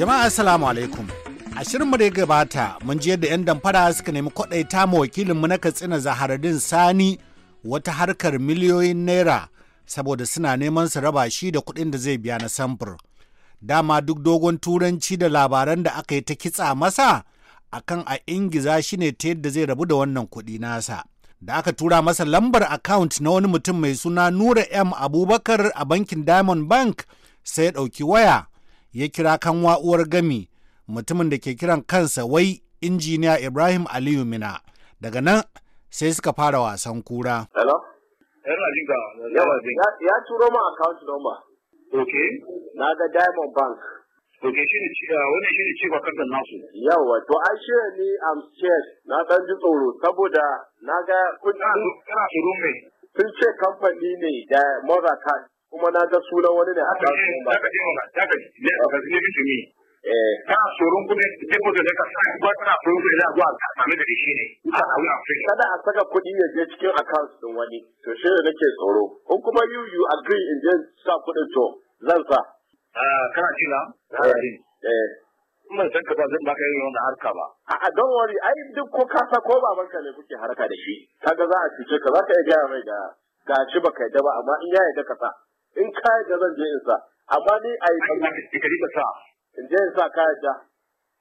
Jama'a Assalamu alaikum. A shirinmu da ya gabata mun ji yadda 'yan damfara suka nemi kwaɗaita ma wakilinmu na Katsina Zaharadin Sani wata harkar miliyoyin naira saboda suna neman su raba shi da kuɗin da zai biya na samfur. Dama duk dogon turanci da labaran da aka yi ta kitsa masa akan a ingiza shi ne ta yadda zai rabu da wannan kuɗi nasa. Da aka tura masa lambar account na wani mutum mai suna Nura M Abubakar a bankin Diamond Bank sai ya ɗauki waya ya kira kanwa uwar gami mutumin da ke kiran kansa wai injiniya Ibrahim Aliyu Mina. Daga nan sai suka fara wasan kura. Hello? Ya turo mu account number. Okay. Na ga Diamond Bank. Okay, shi ne uh, wani shi ne cewa kan nasu. Yawa, to an shirya ni am scared na ɗan ji tsoro saboda na ga kudin. Kana tsoro mai. Sun ce kamfani ne da Card. kuma na ga sunan wani ne aka yi ba ka ji ba ka ji ne ka ji ne eh ka surun kuɗi ne ko da ka sa ba ka surun kuɗi da zuwa ka sami da shi ne a wuya kada a saka kuɗi ya je cikin account din wani to shi ne nake tsoro in kuma you you agree in je sa kuɗin to zan sa eh kana ji na eh mun eh. san ka ba zan baka yin wannan harka ba. A'a don wari ai duk ko kasa ko babanka ne kuke harka da shi. Kaga za a cuce ka za ka iya gaya mai da gashi baka yadda ba amma in ya yadda ka sa. in ka da zan je in sa amma ni a yi in je in sa eh, ka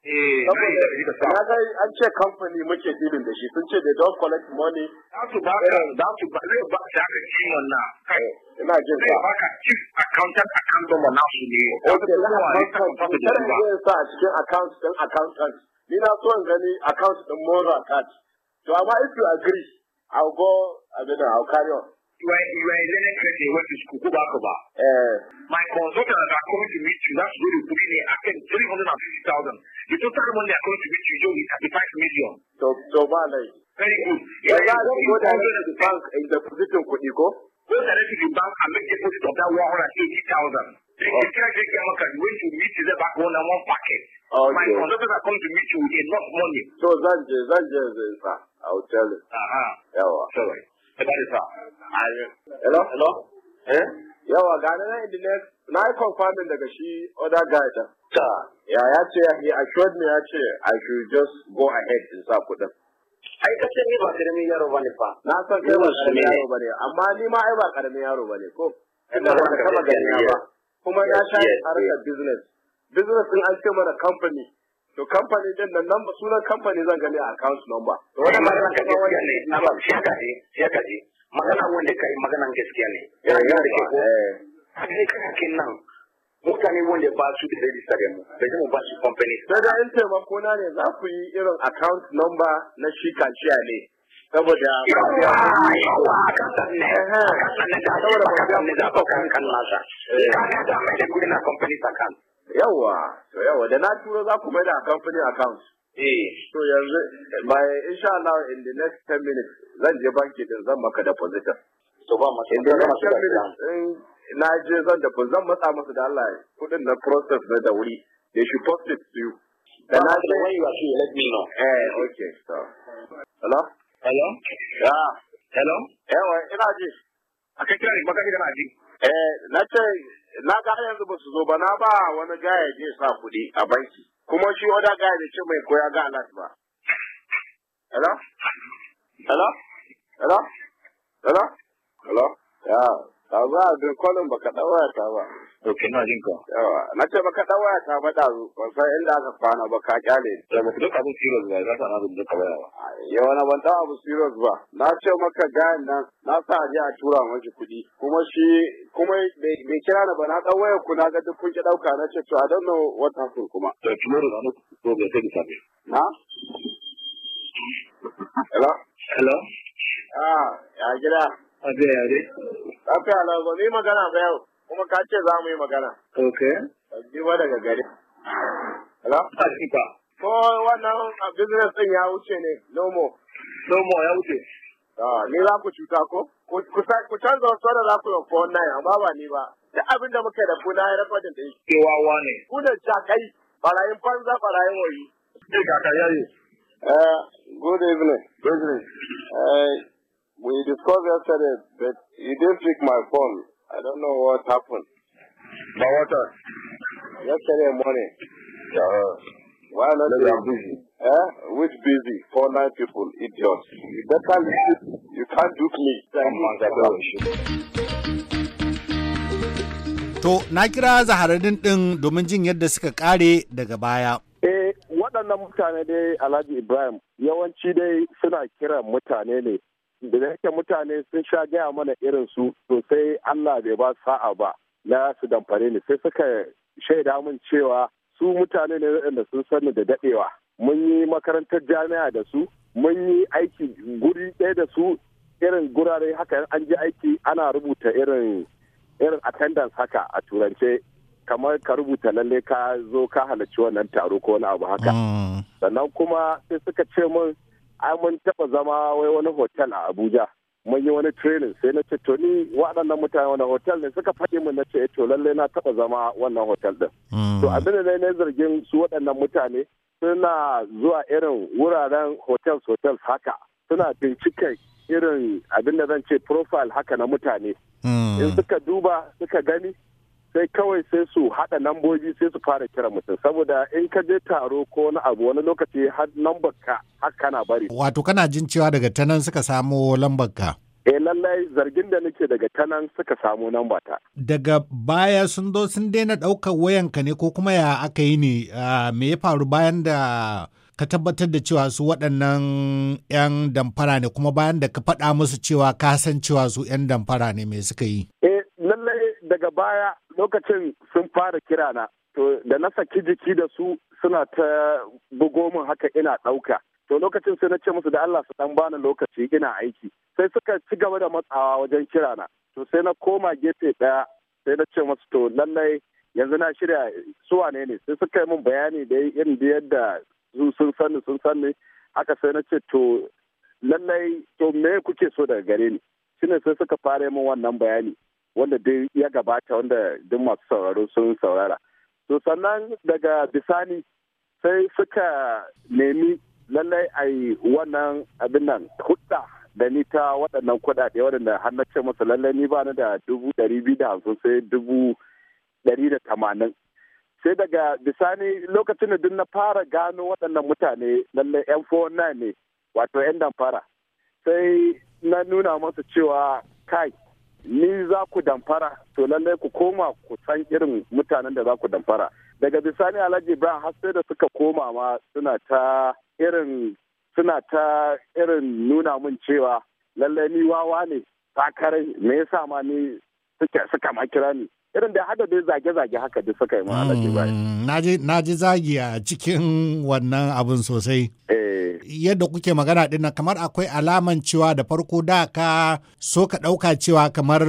na an ce kamfani muke dilin da shi sun ce they don't collect money za su ba ka za eh, ina jin sa ba ka chief accountant accountant ne sa a cikin account din accountant ni na so in gani account din mora card to amma if you agree I'll go I mean I'll carry on you are you are a learned person who went to school, go back over. Uh, my consultants are coming to meet you. That's where you put in I can three hundred and fifty thousand. The total money are coming to meet you, you only thirty five million. So so bad. Eh? Very good. Yeah, yeah, yeah, go directly to the bank and eh, the position could you go? Go directly to the bank and make deposit of that one hundred eighty thousand. The entire great Gamma can to meet you there back one and one packet. Okay. My consultants are coming to meet you with enough money. So that's that's just sir. I'll tell you. Uh huh. Yeah. Sorry. That is all. Hello? Hello? Eh? Yawa gane na Idilex, na yi confirming daga shi other guy ta. Ta. Ya ya ce, he assured me ya ce, I should just go ahead in sa kuɗin. Ai ka ce ni ba karamin yaro ba ne fa. Na san kai ba karamin yaro ba ne, amma ni ma ai ba karamin yaro ba ne ko. Ina ba ka ba gani ba. Kuma ya sha harkar business. Business din an ce mana company. to kamfani din nan nan sunan kamfani zan gani a account number to wannan ma zan wani ne amma sai ka je sai ka je magana wanda kai maganan gaskiya ne mutane wanda ba su da register da mu da ba su company daga in taimako na ne za ku yi irin account number na shi kaciya ne saboda yawa kasan da yawa yawa da na turo za ku mai da company account eh yanzu by insha Allah in the next 10 minutes zan je banki din zan maka da depositin to ba masu da in kana shiga na je zan da zan matsa masu da Allah kudin na process na da wuri they should post it to you da na je Wani you are let me know eh okay so hello hello Ya. hello eh wai ina ji A kai kira ne baka da ji eh na ce na ga yanzu ba su zo ba na ba wani gaya je sa kuɗi a banki kuma shi wada gaya da ce mai koya ga alat ba hello hello hello hello hello ya ta ba da kolin baka dau waya ta ba ok na jin ka yawa na ce baka dau waya ta ba ɗazu, ban san inda aka kwana ba ka kyale Ya ba duk abin serious ba za ta na rubuta ka waya ba yawa na ban ta abu serious ba na ce maka gayan nan na sa aje a tura miki kuɗi kuma shi kuma bai kira na ba na dau waya ku na ga duk kun ki ɗauka, na ce to a don know wata sun kuma to zanen na to bai sai da safe na hello hello Ah, ya gida. A je ya dai. Lafiya lau n'i magana ba yau, kuma ka ce za mu yi magana. Okay. Ji ba daga gari. Hello? Hakika. Ko wannan business ɗin ya wuce ne, nomo. Nomo ya wuce. Ah, ni za ku cuta ko? Ku canza wasu da za ku yi ko wannan amma ba ni ba. Duk abin da muka da ku na ya rekodin da shi. wawa ne. Ku da jakai, barayin banza barayin wayi. Ke kaka yayi. Uh, eh, good evening. Good evening. Eh, We discussed yesterday, but he didn't pick my phone. I don't know what happened. But what else? Yesterday morning. Uh, why not? They are busy. Eh? Which busy? Four nine people, idiots. You better listen. You can't dupe me. To, na kira zahararin ɗin domin jin yadda suka ƙare daga baya. Eh, waɗannan mutane dai Alhaji Ibrahim yawanci dai suna kiran mutane ne da yake mutane sun sha gaya mana irin su sosai Allah bai ba sa'a ba na su damfare ni sai suka shaida min cewa su mutane ne waɗanda sun sani da daɗewa mun yi makarantar jami'a da su mun yi aiki guri ɗaya da su irin gurare haka an ji aiki ana rubuta irin irin attendance haka a turance kamar ka rubuta lalle ka zo ka halarci wannan taro ko wani abu haka mm. sannan kuma sai suka ce mun ai mun taɓa zama wai wani hotel a abuja mun yi wani training sai na ce to ni waɗannan mutane wani hotel ne suka faɗi mun na ce eh, to lallai na taɓa zama wannan hotel din to mm. abin da ne zargin su waɗannan mutane suna zuwa irin wuraren hotels hotels haka suna binciken irin abin da zan ce profile haka na mutane mm. in suka duba suka gani sai kawai sai su haɗa lambobi sai su fara kira mutum saboda in ka je taro ko na abu wani lokaci har lambar ka har kana bari. Wato kana jin cewa daga tanan suka samu lambar ka? Eh lallai zargin da nake daga tanan suka samu lamba ta. Daga baya sun zo sun daina ɗaukar wayanka ne ko kuma ya aka yi ne ah, me ya faru bayan da ka tabbatar da cewa su waɗannan 'yan damfara ne kuma bayan da ka faɗa musu cewa ka san cewa su 'yan damfara ne mai suka yi? Eh daga baya lokacin sun fara kira na to da na saki jiki da su suna ta bugo min haka ina ɗauka to lokacin sai na ce musu da Allah su dan bani lokaci ina aiki sai suka ci gaba da matsawa wajen kira na to sai na koma gefe ɗaya sai na ce musu to lallai yanzu na shirya su wane ne sai suka yi min bayani da irin yadda sun sani sun sani haka sai na ce to lallai to me kuke so daga gare ni shine sai suka fara min wannan bayani wanda dai ya gabata wanda duk masu sauraro sun saurara to sannan daga bisani sai suka nemi lallai a yi wannan abin nan hudda da ni ta waɗannan kuɗaɗe waɗanda har na ce masa lallai ni ba da dubu ɗari biyu da hamsin sai dubu ɗari da tamanin sai daga bisani lokacin da duk na fara gano waɗannan mutane lallai yan fona ne wato yan damfara sai na nuna masa cewa kai ni za ku damfara to lallai ku koma ku san irin mutanen da za ku damfara daga bisani alhaji ibrahim har sai da suka koma ma suna ta irin suna ta irin nuna min cewa lallai ni wawa ne takarai me yasa ma ni suka ma kira ni irin da hada dai zage-zage haka da suka yi mu alaji mm, na ji zagi a cikin wannan abin sosai eh. yadda kuke magana dinnan kamar akwai alaman cewa da farko da ka so ka ɗauka cewa kamar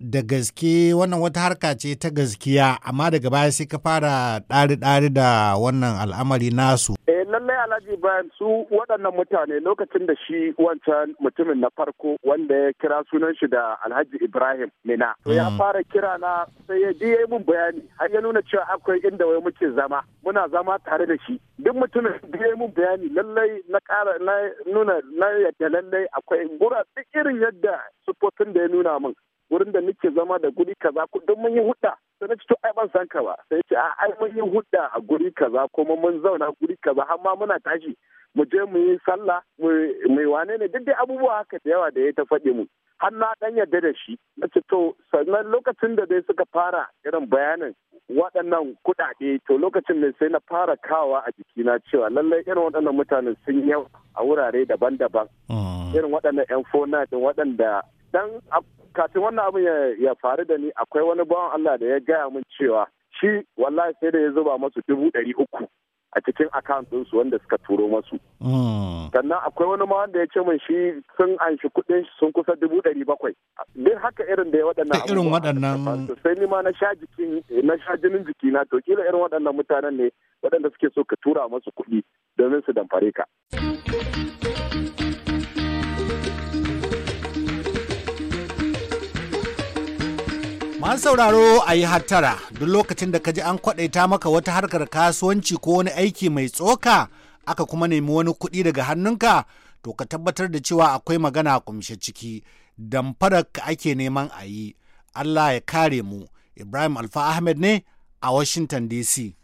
da gaske wannan wata harka ce ta gaskiya amma daga baya sai ka fara ɗari-ɗari da wannan al'amari nasu. Eh lallai Alhaji bayan su waɗannan mutane lokacin da shi wancan mutumin na farko wanda ya kira sunan shi da Alhaji Ibrahim Mina. To ya mm. fara kira na sai ya je mun bayani har ya nuna cewa akwai inda wai muke zama muna zama tare da shi. Duk mutumin da ya mun bayani lallai na ƙara na nuna na yadda lallai akwai gura duk irin yadda sufofin da ya nuna min. wurin da nake zama da guri kaza ko don mun yi hudda sai na ci to ai ban san ka ba sai ce a ai mun yi hudda a guri kaza kuma mun zauna guri kaza har ma muna tashi mu je mu yi sallah mu yi wane ne duk dai abubuwa haka da yawa da ya ta faɗi mu har na dan yarda da shi na to sannan lokacin da dai suka fara irin bayanin waɗannan kuɗaɗe to lokacin ne sai na fara kawa a jikina cewa lallai irin waɗannan mutanen sun yau a wurare daban-daban mm. irin waɗannan yan fona din waɗanda dan kafin wannan abin ya faru da ni akwai wani bawan Allah da ya gaya min cewa shi wallahi sai da ya zuba masu dubu ɗari uku a cikin account ɗinsu wanda suka turo masu. Hmm. Sannan akwai wani ma wanda ya ce min shi sun anshi kuɗin sun kusa dubu ɗari bakwai. Duk haka irin da ya waɗannan abubuwa. irin waɗannan. Sai ni ma na sha jikin na sha jinin na to kila irin waɗannan mutanen ne waɗanda suke so ka tura masu kuɗi domin su damfare ka. Masu sauraro a yi hattara duk lokacin da kaji an kwaɗaita maka wata harkar kasuwanci ko wani aiki mai tsoka aka kuma nemi wani kuɗi daga hannunka to ka tabbatar da cewa akwai magana kumshe ciki damfarar ka ake neman a yi. Allah ya kare mu Ibrahim Alfa Ahmed ne a Washington DC.